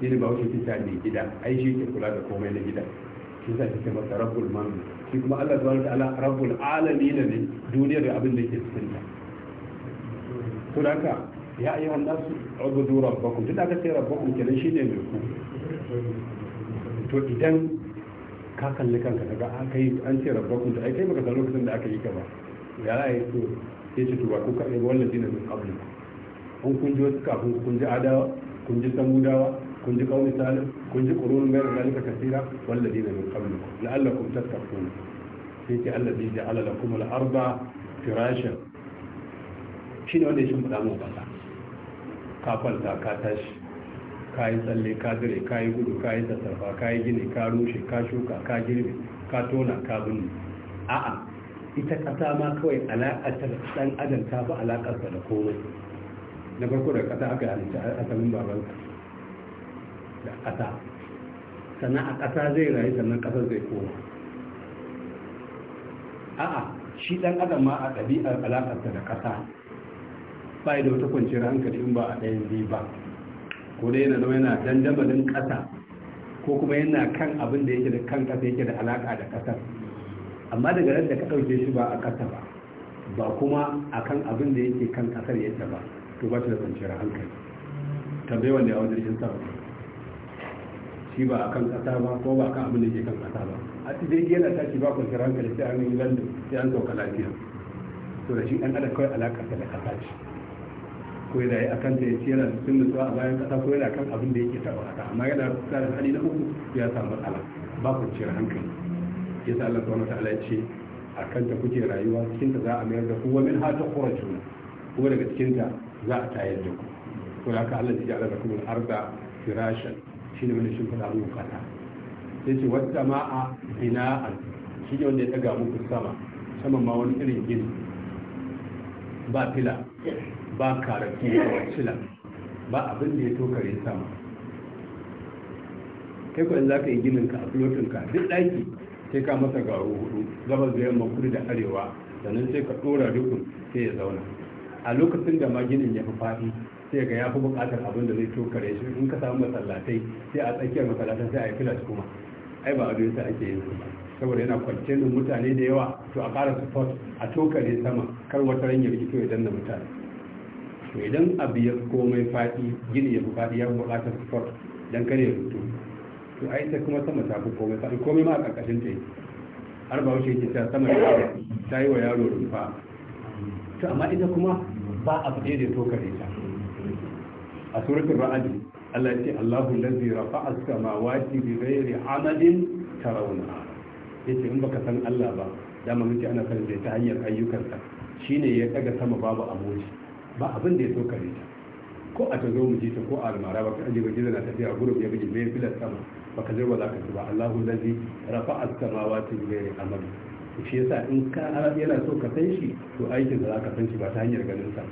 shine ba wuce kita mai gida ai shi ke kula da komai na gida kisa ake ce masa rabbul manzil shi kuma Allah subhanahu wa ta'ala rabbul alamin ne duniya da abin da ke cikin ta to haka ya ayi wannan su abudu rabbakum tun aka sai rabbakum kenan shi ne mai ku to idan ka kalli kanka daga aka yi an ce rabbakum to ai kai maka san lokacin da aka yi ka ba ya ra'ayi to sai ce to ba ku ka yi wannan dinin min qablu kun kun ji wasu kafin kun ji adawa kun ji samudawa kun ji kawai salim kun ji kurorin ƙururun gairar zalika kasira wallazi na min qablu la'allakum tattaqun sai ce Allah allazi da kuma al-arda firashan shine wanda ya shimfiɗa mu kasa ka kwanta ka tashi ka yi tsalle ka dire ka yi gudu ka yi tattafa ka yi gini ka rushe ka shuka ka girbe ka tona ka binne a'a ita kasa ma kawai alaƙatar ɗan adam ta fi alaƙarsa da komai na farko da kasa aka halitta asalin babanka da kasa sannan a kasa zai rayu sannan kasa zai koma a'a shi ɗan adam ma a ɗabi'ar alaƙarsa da kasa ba da wata kwanciyar hankali in ba a ɗayan zai ba ko dai yana zama yana dandamalin ƙasa ko kuma yana kan abin da yake da kan ƙasa yake da alaƙa da ƙasar amma daga ran da ka ɗauke shi ba a ƙasa ba ba kuma a kan abin da yake kan ƙasar yake ba to ba shi da kwanciyar hankali tambayi wanda ya wajen yin sa shi ba a kan ƙasa ba ko ba a kan abin da yake kan ƙasa ba a cikin yana tashi ba kwanciyar hankali sai an yi london sai an sauka lafiya to da shi ɗan adam kawai alaƙa da ƙasa ce ko da yi akan ta yace yana cikin nutsuwa a bayan kasa ko yana kan abin da yake taɓa haka amma yana kusa da hali na uku ya samu matsala ba kwanciyar hankali ya sa Allah subhanahu ta'ala ce a kan ta kuke rayuwa cikin ta za a mayar da ku wa min hata khurajuna kuma daga cikin ta za a tayar da ku ko haka Allah ya ja'ala lakum al-arda firashan shine wanda shin fada mu kata yace wata ma'a bina'an shi ne wanda ya daga muku sama sama ma wani irin gini ba fila ba karafi a wacila ba abin da ya tokare sama kai kwan za ka yi ginin ka a filotin ka duk ɗaki sai ka masa garo hudu zama da yamma kudu da arewa sannan sai ka dora dukun sai ya zauna a lokacin da ma ginin ya fi faɗi sai ga ya fi buƙatar abin da zai kare shi in ka samu masallatai sai a tsakiyar masallatai sai a yi filas kuma ai ba abin sa ake yin su saboda yana kwantenin mutane da yawa to a ƙara support a tokare sama kar wata ran ya rikito ya danna mutane to idan abu ya komai faɗi gini ya faɗi ya buƙatar sport dan kare rubutu to ai ta kuma sama ta komai faɗi komai ma a ƙarƙashin ta yi. har ba wuce ki ta sama ta yi wa yaro rufa to amma ita kuma ba a faɗe da to kare ta a suratul ra'd Allah ya ce Allahu allazi rafa'a as-samawati ghairi 'amadin tarawna yace in baka san Allah ba dama muke ana sanin da ta hanyar ayyukansa shine ya daga sama babu aboki ba abin da ya soka ne ta ko a tazo mu ji ta ko a almara ba ka ajiye gizo na tafiya gurup ya biji mai filar sama ba ka zai ba za ka ci ba Allahu lazi rafa as-samawati bi ghairi amali shi yasa in ka yana so ka san shi to aikin da za ka san shi ba ta hanyar ganin sa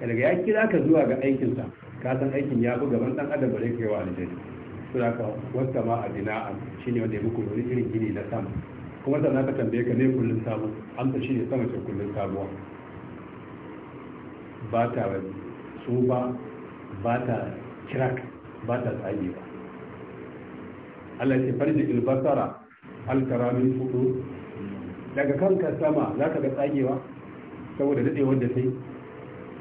daga ya kira ka zuwa ga aikin sa ka san aikin ya bi gaban dan adam bare kai wa aljanna sura ka wasta ma adina'an shine wanda ya muku wani irin gini na sama kuma sannan ka tambaye ka ne kullun sabo amsa shine sama ce kullun sabuwa ba ta tsufa ba ta kirak ba ta tsage ba Allah ce farji ilbasara alkaramin hudu daga kanka sama za ka ga tsagewa saboda daɗe wanda sai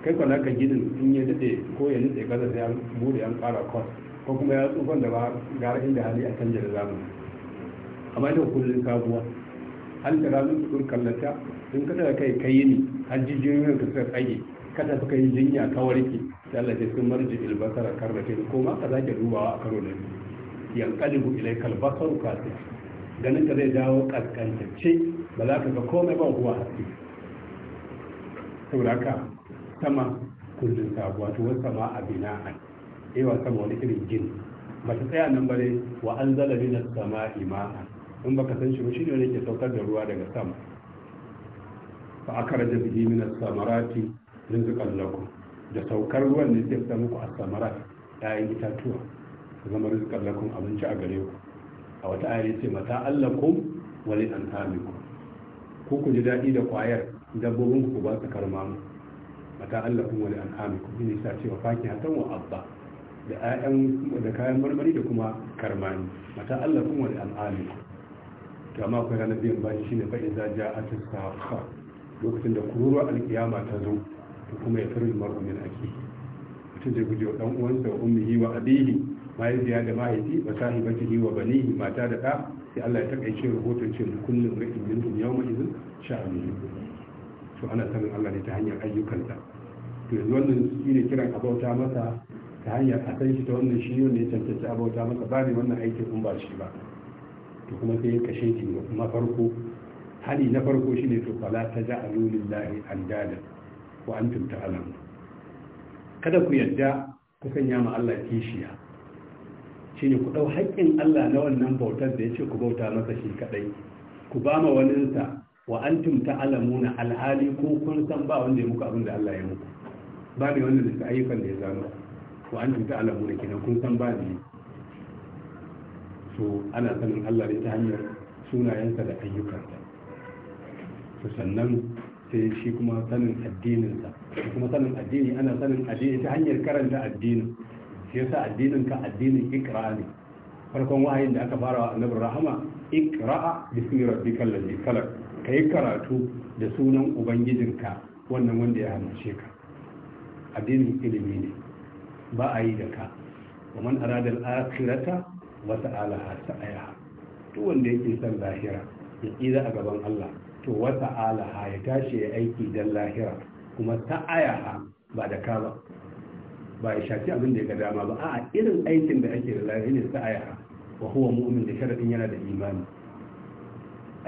kai kwana ka ginin in yi daɗe ko ya nutse gaza sai an buɗe an ƙara kwas ko kuma ya tsufan da ba gara inda hali a canja da zamani amma da kullum sabuwa an ramin min tukur kallata in ka da kai kai ne hajjijiyoyin jijiyoyin ka suka tsage kada suka yi jinya ka warke sai Allah sun marji albasara karratin ko ma ka zake dubawa a karo da kalibu ilai kalbasar kasi ganin ka zai dawo kaskantacce ba za ka ga komai ba kuwa haske saboda haka sama kullum sabuwa to wasa ma a bina'an ewa eh, sama wani irin gini ba ta tsaya nan bare wa an zala min sama ima'a in baka san shi shi ne wani ke saukar da ruwa daga sama fa akara da bihi minas samarati rizqan lakum da saukar ruwan ne zai samu ku a asamarat ƴaƴan itatuwa su zama rizqan lakum abinci a gare ku a wata ayar ce mata allakum wa an an'amikum ku ku ji daɗi da ƙwayar dabbobin ku ba su karma mu mata wani an li ku ne sa cewa hatan wa abba da ƴaƴan da kayan marmari da kuma ni mata allakum an li ku to amma akwai ranar biyan bashi shine fa idza ja'at as-sakha lokacin da kururuwa alkiyama ta zo kuma ya firin mar'u min aki mutum zai guje wa dan uwansa wa ummihi wa abihi mahaifiya da mahaifi wa sahibatihi wa banihi mata da ɗa sai Allah ya takaice rahoton ce kullum ra'in minhum yawma idhin sha'ani to ana sanin Allah ne ta hanyar ayyukanta. to yanzu wannan shine kiran abauta masa ta hanyar a san shi ta wannan shi ne ya cancanci abauta masa ba ne wannan aikin kun ba shi ba to kuma sai ya kashe shi kuma farko hali na farko shine to fala taja'alu lillahi dada. wa an tumta alam kada ku yadda ku sanya ma Allah kishiya shine ku dau haƙƙin Allah na wannan bautar da yace ku bauta masa shi kadai ku ba ma sa wa an tumta alamuna alhali ko kun san ba wanda ya muku abin da Allah ya muku ba ne wanda da ayyukan da ya zama wa an tumta alamuna kun san ba ne so ana sanin Allah ne ta hanyar sunayensa da ayyukansa to sannan sai shi kuma sanin addininsa kuma sanin addini ana sanin addini ta hanyar karanta addinin sai yasa addinin ka addinin ikra ne farkon wahayin da aka fara wa annabi rahama ikra'a bismi rabbikal ladzi khalaq kai karatu da sunan ubangijinka wannan wanda ya halice ka addinin ilimi ne ba a yi da ka wa man arada al-akhirata wa ta'ala sa'aha duk wanda yake son lahira ya kida a gaban Allah to wata alaha ya tashi ya aiki don lahira kuma ta ayaha ba da ka ba ba ya shafi abin da ya ga dama ba a irin aikin da ake da lahira ne ta'ayaha wa huwa mu'min da sharadin yana da imani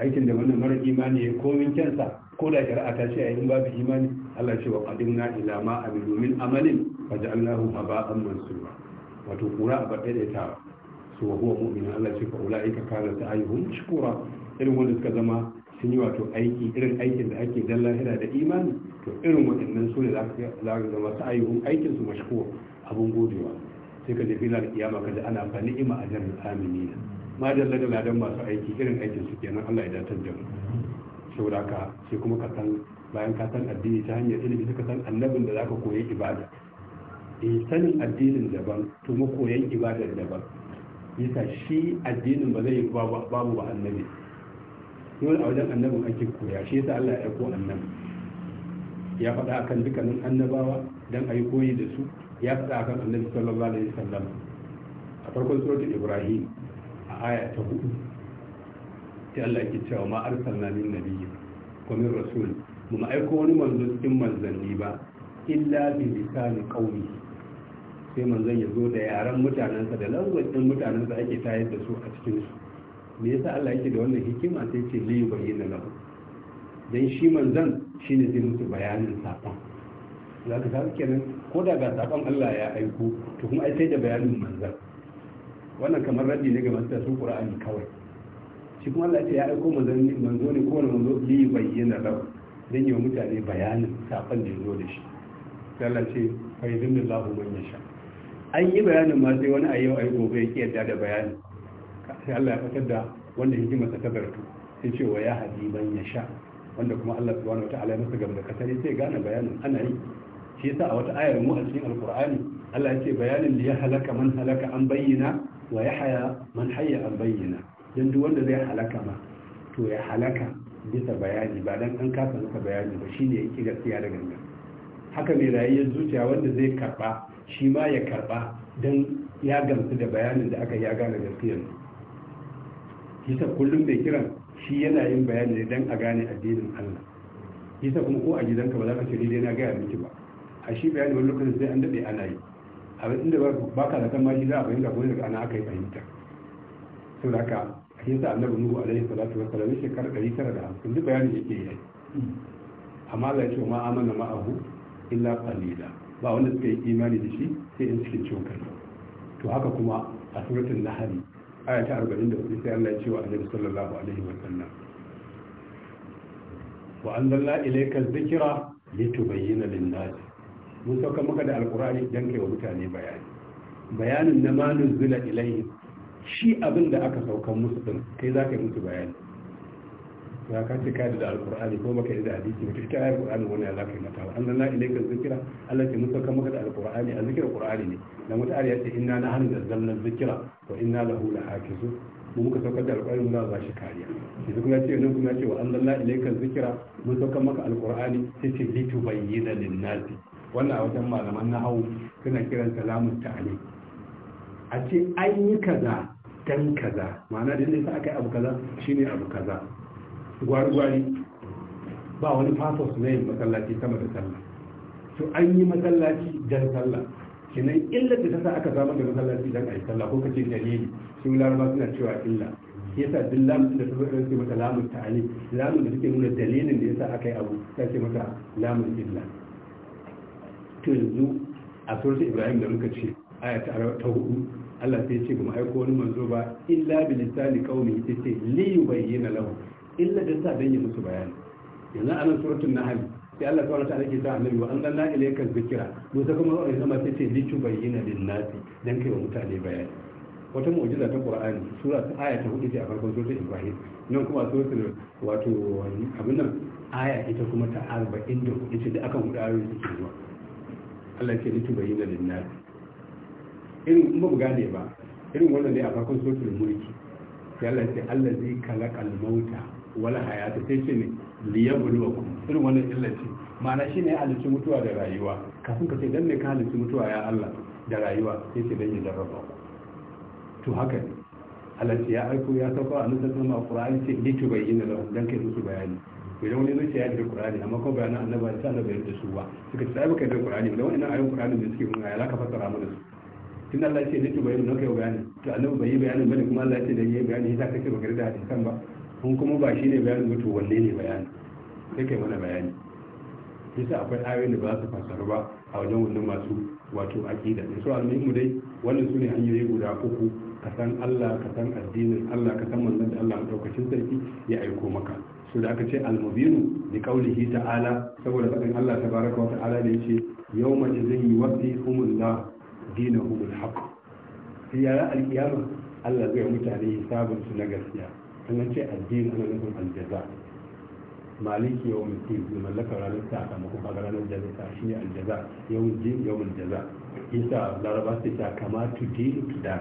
aikin da wannan mara imani ya komin kansa ko da shari'a ta ce a yin babu imani Allah ce wa qadimna ila ma amilu min amalin faj'alnahu haba'an mansura wato kura a baɗe da ta so wa huwa mu'min Allah ce fa ulaika kana ta'ayuhum shukura irin wanda suka zama sun yi wato aiki irin aikin da ake dan lahira da imani to irin waɗannan su ne za ka zama ta ayyukan aikin su mashkuwa abun godewa sai ka jefi kiyama ka da ana a ni'ima amini na ma dalla da masu aiki irin aikin su kenan Allah ya datar da mu saboda ka sai kuma ka san bayan ka san addini ta hanyar ilimi ka san annabin da za ka koyi ibada in eh, sanin addinin daban to mu koyan ibadar daban yasa shi addinin ba zai yi babu ba annabi dole a wajen annabin ake koya shi yasa Allah ya aiko annabi ya faɗa akan dukkanin annabawa dan ayi koyi da su ya faɗa akan annabi sallallahu alaihi wasallam a farkon suratul ibrahim a aya ta hudu sai Allah yake cewa ma arsalna min nabiyyi ko min rasul mu aiko wani manzo cikin manzanni ba illa bi lisani qaumi sai manzon ya zo da yaran mutanansa da language din mutanansa ake tayar da su a cikin su me yasa Allah yake da wannan hikima sai ce li bayyana lahu dan shi manzan shine zai mutu bayanin sakon za ka samu kenan ko da ga sakon Allah ya aiko to kuma ai sai da bayanin manzan. wannan kamar rabi ne ga masu tasu Qur'ani kawai shi kuma Allah ya aiko manzon manzo ne ko wannan manzo li bayyana lahu dan yi wa mutane bayanin sakon da yazo da shi sai Allah ce fa yadin lahu man yasha an yi bayanin ma sai wani a yau ai gobe yake yadda da bayanin sai Allah ya fitar da wanda hikimarsa ta zartu sai ce wa ya habiban ya sha wanda kuma Allah subhanahu wataala ya masa gaba da kasari sai gane bayanin ana yi shi yasa a wata ayar mu a cikin alqur'ani Allah ya ce bayanin da ya halaka man halaka an bayyana wa ya haya man hayya an bayyana dan duk wanda zai halaka ma to ya halaka bisa bayani ba dan an kasa masa bayani ba shine ya ki gaskiya da ganga haka ne rayuwar zuciya wanda zai karba shi ma ya karba dan ya gamsu da bayanin da aka yi ya gane gaskiyar yasa kullum mai kiran shi yana yin bayani ne dan a gane addinin Allah yasa kuma ko a gidanka ba za ka ce dai na gaya miki ba a shi bayani wani lokacin sai an dade ana yi a inda ba ka zaton ma shi za a fahimta ko daga ana aka yi fahimta sau da haka yasa annabi nuhu alaihi salatu wa salam shekara 950 duk bayanin yake yi amma Allah ya ce ma amana abu illa qalila ba wanda suka yi imani da shi sai in cikin cokali to haka kuma a suratul nahl aya ta 44 sai Allah ya ce wa annabi sallallahu alaihi wa sallam wa anzalna ilayka dhikra litubayyana lin-nas mun sauka maka da alqur'ani dan kai wa mutane bayani bayanin na ma nuzila ilayhi shi abin da aka sauka musu din kai zaka yi musu bayani ya ka ce da alkur'ani ko baka yi da hadisi ba cikin ayar qur'ani wani ya zaka yi mata wa anna ilayka zikra Allah ce mun sauka maka da alkur'ani a zikirar qur'ani ne dan wata ayar ce inna nahnu nazzalna zikra wa inna lahu lahafizun mu muka saukar da alkur'ani muna ba shi kariya yanzu kuma ce nan kuma ce wa anna ilayka zikra mun sauka maka alkur'ani sai ce litubayyana lin-nasi wannan a wajen malaman nahawu suna kiran salamun ta'ali a ce an yi kaza dan kaza ma'ana da nisa aka yi abu kaza shine abu kaza gwari-gwari ba wani fasos na yin masallaci sama da sallah to an yi masallaci don sallah kenan illa da ta sa aka zama da masallaci don a yi sallah ko kace dalili sun laraba suna cewa illa sa duk lamun da suka ɗauke mata lamun Ali, lamun da suke nuna dalilin da ya sa aka yi abu ta ce mata lamun illa to yanzu a surat ibrahim da muka ce aya ta hudu Allah sai ce ba mu aiko wani manzo ba illa bi lisani qaumi ce li yubayyana lahu illa da sa dan yi musu bayani yanzu anan suratul nahl sai Allah subhanahu wata ke ta annabi wa anzalna ilayka zikira. mu sai kuma wani zama sai ce bayyana lin-nasi dan kai wa mutane bayani wata mu'jiza ta Qur'ani sura ta aya ta hudu ce a farkon suratul Ibrahim nan kuma suratul wato abin nan aya ita kuma ta 44 ce da akan hudu ayoyi suke zuwa Allah ke bayyana lin-nasi irin ba buga ne ba irin wannan ne a farkon suratul mulki sai Allah ya ce zai khalaqal mauta wala hayata sai ce ne liyabluwakum irin wannan illaci ma'ana shine halicci mutuwa da rayuwa kafin ka ce dan ne ka halicci mutuwa ya Allah da rayuwa sai ce dan ya jarraba ku to haka ne Allah ya aiko ya sauka a nusar sama a ƙura'ani ce litu bai yi na lahu don kai musu bayani idan wani zuci ya da ƙura'ani amma kuma bayanan annaba da sa annaba da su ba suka ce baka da ƙura'ani idan wani nan ayin ƙura'ani da suke kuma ya laka fassara mana su tun Allah ce litu bai yi kai bayani to annabi bai yi bayanin bane kuma Allah ce da yi bayani ya sa kake baka da hadisan ba kun kuma ba shi ne bayani mutu wanne ne bayani sai kai mana bayani yasa akwai ayoyin da ba su fassara ba a wajen wannan masu wato aƙida da su mu dai wannan su ne hanyoyi guda uku ka san Allah ka san addinin Allah ka san manzon da Allah ɗaukacin sarki ya aiko maka su da aka ce almubinu da kaulihi ta'ala saboda faɗin Allah tabaraka wa ta'ala da yace yawma jazin yuwaffi humullah dinahumul haqq sai ya alkiyama Allah zai mutane hisabinsu na gaskiya an ce addini ana nufin aljaza maliki yau mutum da mallakar ranar ta maku ba ga ranar jaza shi ne aljaza yau jin yau jaza isa laraba su ta kama to deal to dan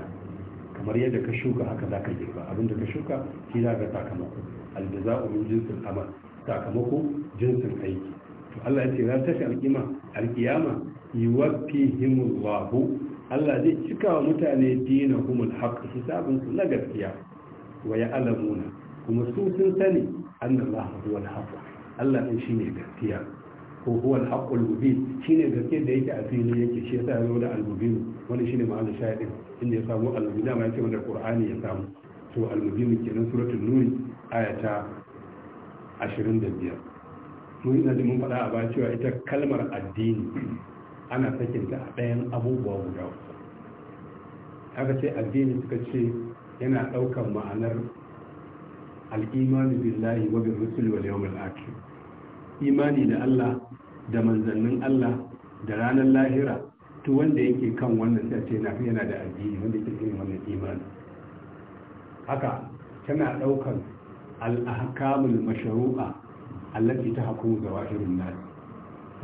kamar yadda ka shuka haka za ka girba abinda ka shuka shi za ka sakamako aljaza min jinsin amal sakamako jinsin aiki to Allah ya ce ran tashi alkima alkiyama wahu. Allah zai cika wa mutane dinahumul haqq hisabun na gaskiya wa alamuna kuma su sun sani annallaha huwal haqq Allah din shine gaskiya ko huwal haqqul mubin shine gaskiya da yake a fili yake shi yasa yazo da al-mubin wani shine ma'anar shahidin inda ya samu al-mubin ma yake wanda qur'ani ya samu to al-mubin kenan suratul nur ayata 25 mun ina da mun faɗa a baya cewa ita kalmar addini ana sakinta a ɗayan abubuwa guda haka ce addini suka ce yana ɗaukar ma'anar al'imani billahi wa bi rusul wal yawmil akhir imani da Allah da manzannin Allah da ranar lahira to wanda yake kan wannan sai ce na yana da addini wanda yake cikin wannan imani haka tana ɗaukar al-ahkamul mashru'a allati tahkumu zawahirun nas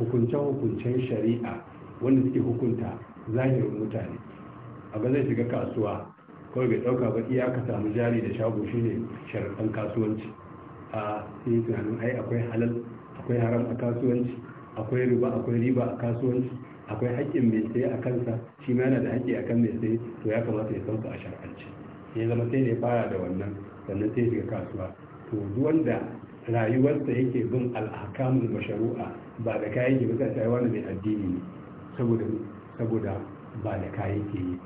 hukunce hukuncen shari'a wanda suke hukunta zahirin mutane abu zai shiga kasuwa kawai bai ɗauka ba iya aka samu jari da shago shine sharaɗan kasuwanci a sai tunanin ai akwai halal akwai haram a kasuwanci akwai riba akwai riba a kasuwanci akwai haƙƙin mai sai a kansa shi ma yana da haƙƙi a kan mai sai to ya kamata ya sauka a shar'anci ya zama sai ne fara da wannan sannan sai shiga kasuwa to duk wanda rayuwarsa yake bin alakamun basharu'a ba da kayan ke bisa sai wani mai addini ne saboda ba da kayan ke yi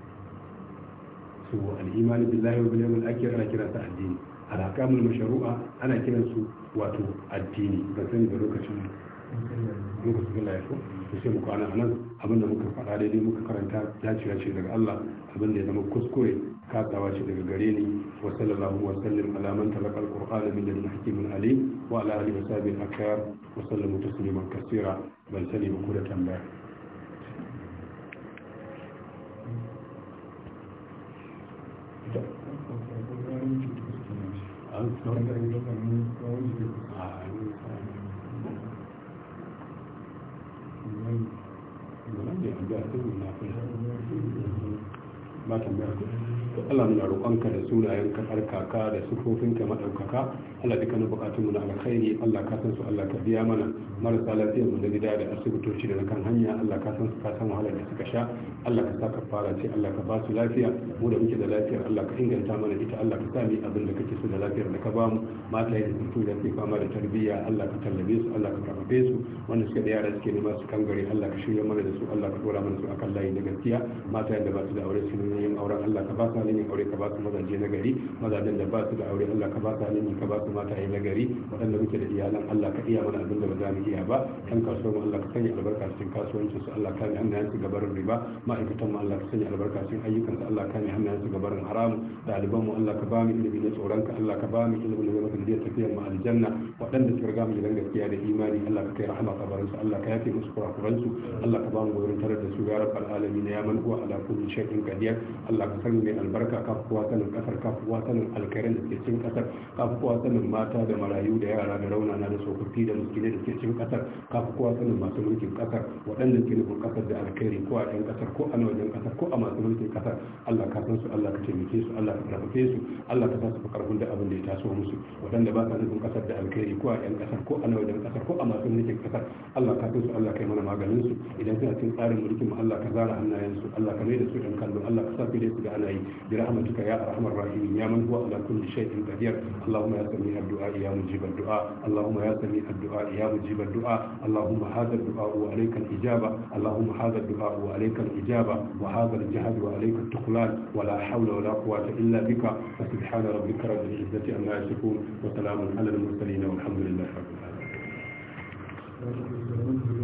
to al'imani billahi wa bil yawmil akhir ana kiransa addini ana kiransu wato addini ban sani ba lokacin lokacin da ya so to nan abin muka faɗa daidai muka karanta dacewa ce daga Allah abin ya zama kuskure kasawa ce daga gare ni wa sallallahu wa sallim ala man talaqa alquran min ladun hakimin alim ala alihi wa sahbihi da tambaya ba tambaya to Allah muna roƙonka da sunayenka tsarkaka da sufofinka maɗaukaka Allah duka na bukatun mu na alkhairi Allah ka san su Allah ka biya mana marasa lafiyar mu da gida da asibitoci da na kan hanya Allah ka san su ka san wahalar da suka sha Allah ka saka fara ce Allah ka ba su lafiya mu da muke da lafiyar Allah ka inganta mana ita Allah ka sami abin da kake so da lafiyar da ka ba mu mata da su da ke fama da tarbiyya Allah ka tallabe su Allah ka karfafe su wanda suka da yara suke nema su kangare Allah ka shirya mana da su Allah ka dora mana su akan layi da gaskiya mata da ba su da aure su ne yin auren Allah ka ba su halin aure ka ba su mazaje na gari mazajen da ba su da aure Allah ka ba su halin ka ba su mata na gari waɗanda muke da iyalan Allah ka iya mana abin da ba za mu iya ba kan kasuwar mu Allah ka sanya albarka cikin kasuwancin su Allah ka ne hannayen su gabarin riba ma'aikatan mu Allah ka sanya albarka cikin ayyukan su Allah ka ne hannayen su gabarin haramu ɗaliban mu Allah ka ba mu ilimi na tsoron ka Allah ka ba mu ilimin da zama tafiya tafiyar mu aljanna waɗanda suka riga mu gidan gaskiya da imani Allah ka kai rahama kabarin su Allah ka yafe musu kurakuran su Allah ka ba mu gurin tarar da su ya rabbal alamin ya man huwa ala kulli shay'in qadir Allah ka sanya mai albarka kafuwa sanin kasar kafuwa sanin alkarin da ke cikin kasar kafuwa sanin mata da marayu da yara da raunana da tsofaffi da miskinai da ke cikin kasar kafuwa sanin masu mulkin kasar waɗanda ke nufin kasar da alkhairi ko a ɗan kasar ko a wajen kasar ko a masu mulkin kasar Allah ka san su Allah ka taimake su Allah ka karfafe su Allah ka sa su karfin da abin da ya taso musu waɗanda ba sa nufin kasar da alkhairi ko a ɗan kasar ko a wajen kasar ko a masu mulkin kasar Allah ka san su Allah ka yi mana maganin su idan suna cikin tsarin mulkin mu Allah ka zara hannayen su Allah ka mai da su ɗan kallo Allah ka sa su da su da ana yi برحمتك يا ارحم الراحمين يا من هو على كل شيء قدير اللهم يا سميع الدعاء يا مجيب الدعاء اللهم يا سميع الدعاء يا مجيب الدعاء اللهم هذا الدعاء وعليك الاجابه اللهم هذا الدعاء وعليك الاجابه وهذا الجهد وعليك التقلان ولا حول ولا قوه الا بك فسبحان ربك رب العزه عما يصفون وسلام على المرسلين والحمد لله رب العالمين